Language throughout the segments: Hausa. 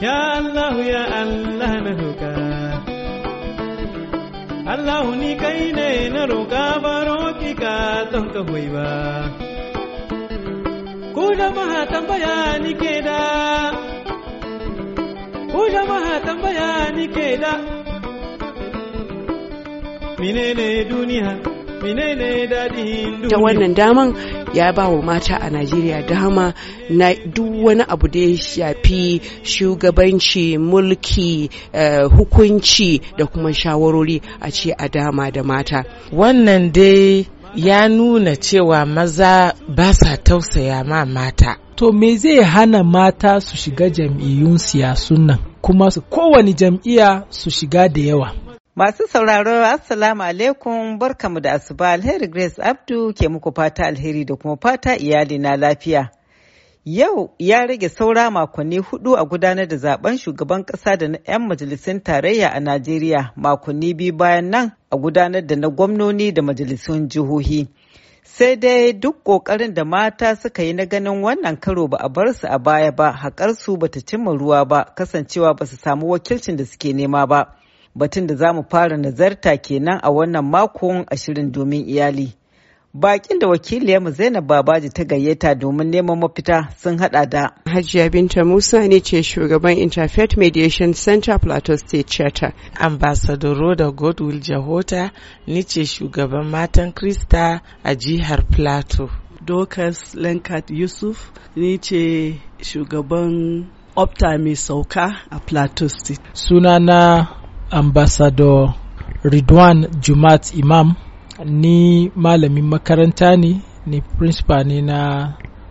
Ya Allah ya Allah na roƙa Allah ni kai ne na roƙa baro ki ka don ka hoyi ba Ku jama'a tambaya ni ke da Ku jama'a tambaya ni ke da Menene duniya mine menene dadin duniya Ta wannan daman ya ba wa mata a najeriya dama na duk wani abu da ya shafi shugabanci mulki eh, hukunci da kuma shawarori a ce a dama da mata wannan dai ya nuna cewa maza ba sa tausaya ma mata to me zai hana mata su shiga jam'iyyun siyasun nan kuma su kowane jam'iyya su shiga da yawa Masu sauraro Assalamu alaikum barkamu da asuba alheri Grace Abdu ke muku fata alheri da kuma fata iyali na lafiya. Yau ya rage saura makonni hudu a gudanar da zaben shugaban kasa da na 'yan majalisun tarayya a Najeriya makonni biyu bayan nan a gudanar da na gwamnoni da majalisun jihohi. Sai dai duk ƙoƙarin da mata suka yi na ganin wannan karo ba a bar su a baya ba, haƙar su bata cimma ruwa ba, kasancewa ba su samu wakilcin da suke nema ba. batun da za mu fara nazarta kenan a wannan makon ashirin domin iyali. Bakin da wakiliyarmu Zainab Babaji ta gayyata domin neman mafita sun hada da. Hajiya Binta Musa ne ce shugaban Interfaith Mediation Center Plateau State Charter. Ambassador Roda Godwill Jahota ni ce shugaban matan Krista a jihar Plateau. Dokas Lankat Yusuf ni ce shugaban Opta mai sauka a Plateau State. Sunana ambassador ridwan jumat imam ni malamin makaranta ne ni principal ne na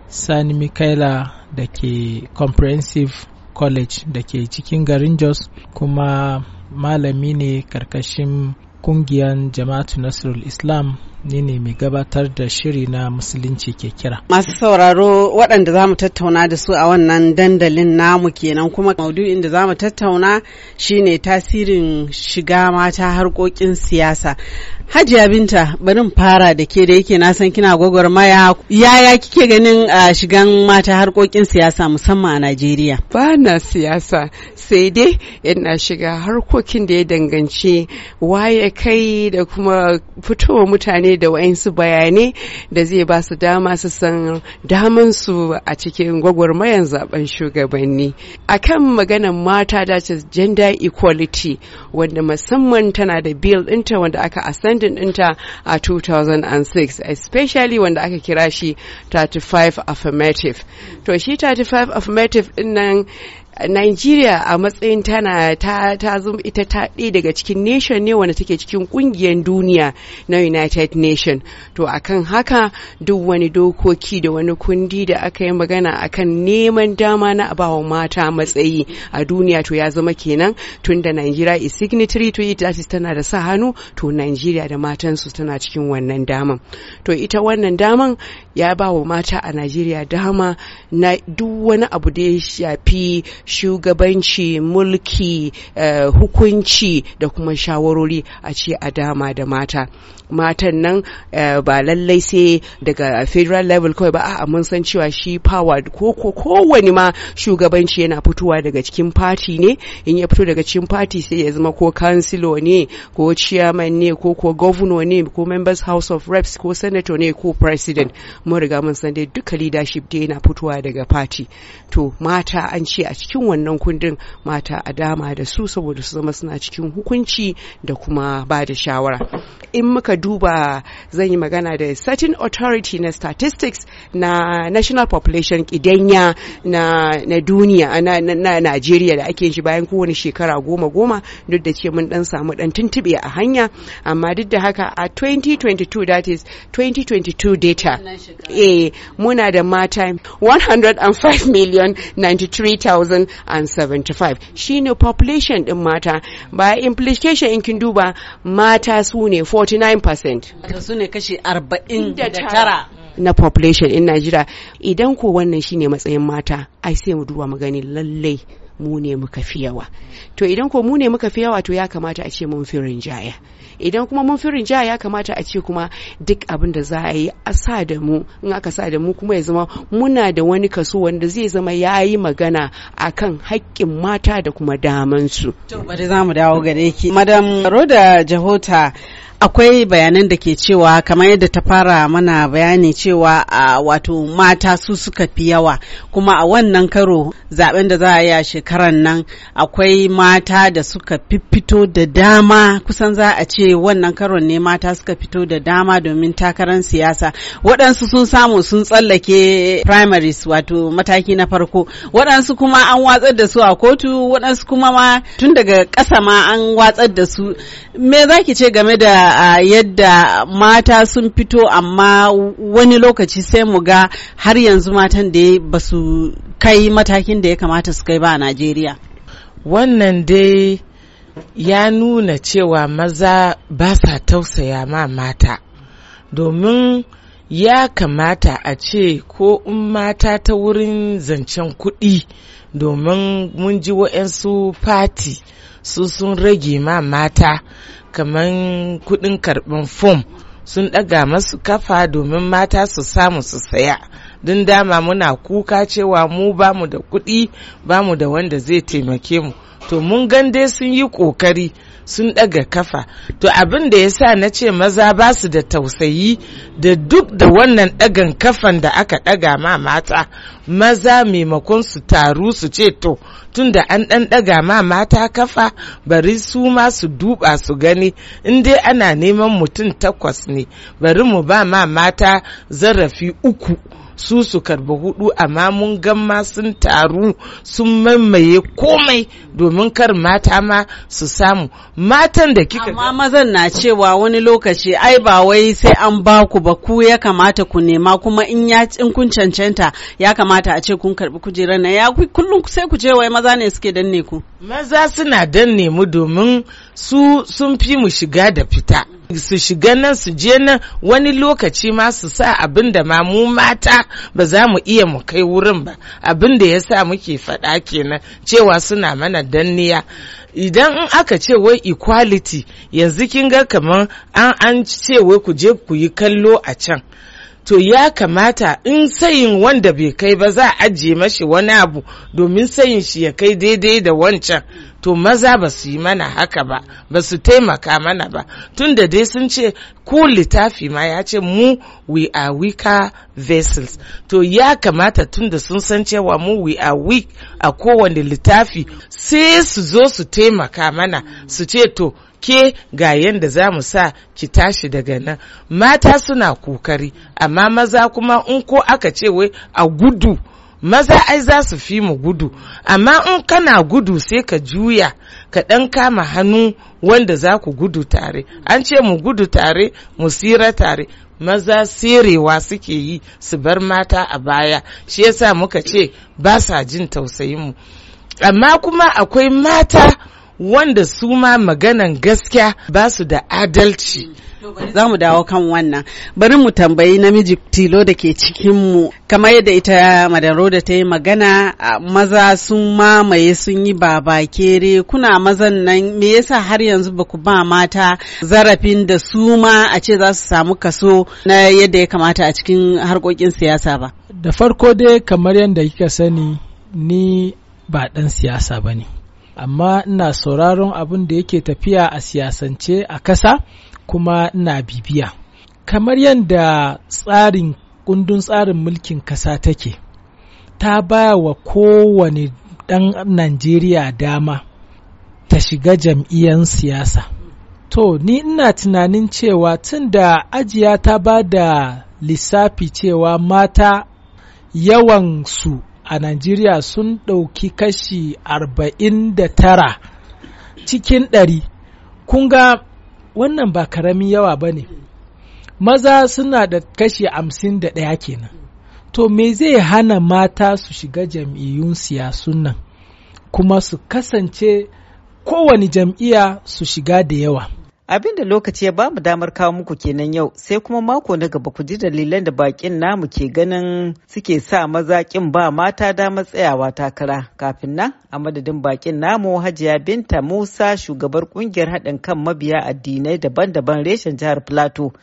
sani mikaela da ke comprehensive college da ke cikin garin jos kuma malami ne karkashin kungiyar jama'atu nasrul islam ni ne mai gabatar da shiri na musulunci ke kira. Masu sauraro waɗanda za mu tattauna da su a wannan dandalin namu kenan kuma maudu'in da za mu tattauna shine tasirin shiga mata harkokin siyasa. Hajiya Binta barin fara da ke da yake na san kina gwagwarmaya yaya kike ganin a shigan mata harkokin siyasa musamman a Najeriya? Ba na siyasa sai dai yana shiga harkokin da ya danganci waye kai da kuma fitowa mutane ne da su bayanai da zai ba su dama su san daman su a cikin gwagwarmayan zaben shugabanni a kan maganan mata da gender equality wanda musamman tana da bill ɗinta wanda aka ascending ɗinta a 2006 especially wanda aka kira shi 35 affirmative to shi 35 affirmative ɗin nan Nigeria a matsayin tana ta ta zama ita ta ɗaya daga cikin nation ne wanda take cikin ƙungiyar duniya na United Nation. To akan haka duk wani dokoki da wani kundi da aka yi magana akan neman dama na abawa mata matsayi a duniya to ya zama kenan tunda Nigeria is signatory to it that is tana da sa hannu to Nigeria da matansu tana cikin wannan daman. To ita wannan daman ya ba wa mata a najeriya dama na duk wani abu da ya shafi shugabanci mulki eh, hukunci da kuma shawarori a ce a dama da mata matan nan eh, ba lallai sai daga federal level kawai ba a mun san cewa shi power ko kowane ma shugabanci yana fitowa daga cikin party ne in ya fito daga cikin party sai ya zama ko councilor ne ko chairman ne ko ko governor ne ko members house of reps ko senator ne ko president mun riga mun san dai duka leadership dai yana fitowa daga party to mata an ce a cikin wannan kundin mata a dama da su saboda su zama suna cikin hukunci da kuma ba da shawara in muka duba zan yi magana da certain authority na statistics na national population kidanya na, na duniya na, na, Najeriya da ake shi bayan kowane shekara goma goma duk da ce mun dan samu dan tuntube a hanya amma duk da haka a 2022 that is 2022 data eh muna da mata 105 million 93,075 shine population din mata ba implication in kin duba mata su ne 49 percent su ne kashi arba'in da tara na population in Najeriya idan ko wannan shine matsayin mata ai sai mu duba mu gani lallai mu ne muka fi yawa to idan ko mu ne muka fi yawa to ya kamata a ce mun fi rinjaya idan kuma mun fi rinjaya ya kamata a ce kuma duk abin da za a yi a sa da mu in aka sa da mu kuma ya zama muna da wani kaso wanda zai zama ya yi magana akan haƙƙin mata da kuma damansu to bari za mu dawo gare ki madam roda jahota akwai bayanan da ke cewa kamar yadda ta fara mana bayani cewa a wato mata su suka fi yawa kuma a wannan karo zaben da za a yi a shekaran nan akwai mata da suka fito da dama kusan za a ce wannan karon ne mata suka fito da dama domin takarar siyasa waɗansu sun samu sun tsallake primaries wato mataki na farko waɗansu kuma an watsar da su a kotu waɗansu kuma ma tun daga ƙasa ma an watsar da su me za ki ce game da a yadda mata sun fito amma wani lokaci sai mu ga har yanzu matan da ba su kai matakin da ya kamata su kai ba a Najeriya. Wannan dai ya nuna cewa maza ba sa tausaya ma mata domin ya kamata a ce ko in mata ta wurin zancen kuɗi domin mun ji wa'yansu fati su sun rage ma mata kamar kuɗin karɓin fom sun ɗaga masu kafa domin mata su samu su saya don dama muna kuka cewa mu bamu da kuɗi bamu da wanda zai taimake mu to mun gande sun yi ƙoƙari sun ɗaga kafa to abin da ya sa na ce maza ba su da tausayi da duk da wannan ɗagan kafan da aka ɗaga ma mata maza maimakon su taru su ce to tunda an ɗan ɗaga ma mata kafa bari su ma su duba su gani in dai ana neman mutum takwas ne bari mu ba ma mata zarafi uku su su karba hudu amma mun gamma sun taru sun mamaye komai domin kar mata ma su samu matan da kika amma mazan na cewa wani lokaci ai ba wai sai an ba ku ba ku ya kamata ku nema kuma in ya in kun cancanta ya kamata a ce kun karbi kujerar na ya kullum sai ku je wai maza ne suke danne ku maza suna danne mu domin su sun fi mu shiga da fita su shiga nan su je nan wani lokaci ma su sa abin da ma mu mata ba za mu iya mu kai wurin ba abin da ya sa muke faɗa kenan cewa suna mana danniya idan in aka ce wai equality yanzu kin ga kamar an an ce wai ku je ku yi kallo a can to ya kamata in sayin wanda bai kai ba za a ajiye mashi wani abu domin sayin shi ya kai daidai da wancan to maza ba su yi mana haka ba ba su taimaka mana ba tun da dai sun ce ko littafi ma ya ce mu we are weaker vessels to ya kamata tun da sun san cewa mu we are weak a kowane littafi sai su zo su taimaka mana su ce to ke ga yanda za mu sa ki tashi daga nan mata suna kokari amma maza kuma in ko aka ce wai a gudu maza ai za su fi mu gudu amma in kana gudu sai ka juya ka ɗan kama hannu wanda za ku gudu tare an ce mu gudu tare mu sira tare maza serewa suke yi su bar mata a baya shi yasa muka ce ba sa jin tausayin mu amma kuma akwai mata wanda su ma maganan gaskiya ba su da adalci. Za mu dawo kan wannan. Bari mu tambayi namiji tilo da ke cikinmu. Kamar yadda ita madaro da ta yi magana maza sun mamaye sun yi babakere kuna mazan nan me yasa har yanzu ba ku ba mata zarafin da su ma a ce za su samu kaso na yadda ya kamata a cikin harkokin siyasa ba. Da farko dai kamar yadda kika sani ni ba ɗan siyasa ba ne. amma ina sauraron abin da yake tafiya a siyasance a kasa kuma ina bibiya kamar yadda tsarin kundin tsarin mulkin kasa take ta baya wa kowane ɗan najeriya dama ta shiga jam'iyyar siyasa to ni ina tunanin cewa tun da ajiya ta ba da lissafi cewa mata yawan su a Najeriya sun ɗauki kashi 49 cikin 100 kun ga wannan ba karamin yawa ba ne maza suna da kashi 51 kenan to me zai hana mata su shiga jam'iyyun siyasun nan kuma su kasance kowane jam'iyya su shiga da yawa Abin da lokaci ya bamu damar kawo muku kenan yau sai kuma mako na gaba ku ji dalilan da bakin namu ke ganin suke sa maza kin ba mata damar tsayawa takara. Kafin nan a madadin bakin namu Hajiya Binta Musa shugabar kungiyar haɗin kan mabiya addinai daban-daban reshen jihar Plateau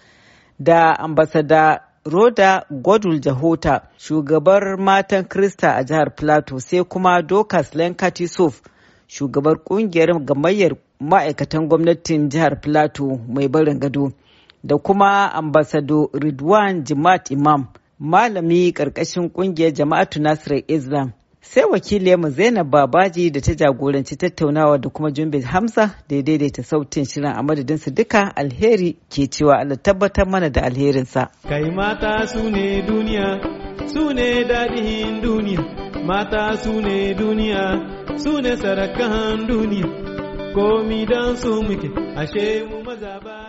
da ambasada Roda Godul Jahota, shugabar matan Krista a jihar Plateau sai kuma Dokas Lenkati shugabar kungiyar gamayyar ma'aikatan gwamnatin jihar Plateau mai barin gado da kuma ambasado Ridwan Jimat Imam malami ƙarƙashin ƙungiyar jama'atu Nasirar Islam. Sai wakiliyarmu Zainab Babaji da ta jagoranci tattaunawa da kuma Jumbe Hamza da ya daidaita sautin shirin a madadinsu su duka alheri ke cewa ala tabbatar mana da alherinsa. Kai mata su ne duniya, su ne daɗin duniya, mata su ne duniya, su ne sarakan duniya. komi don su muke ashe mu maza ba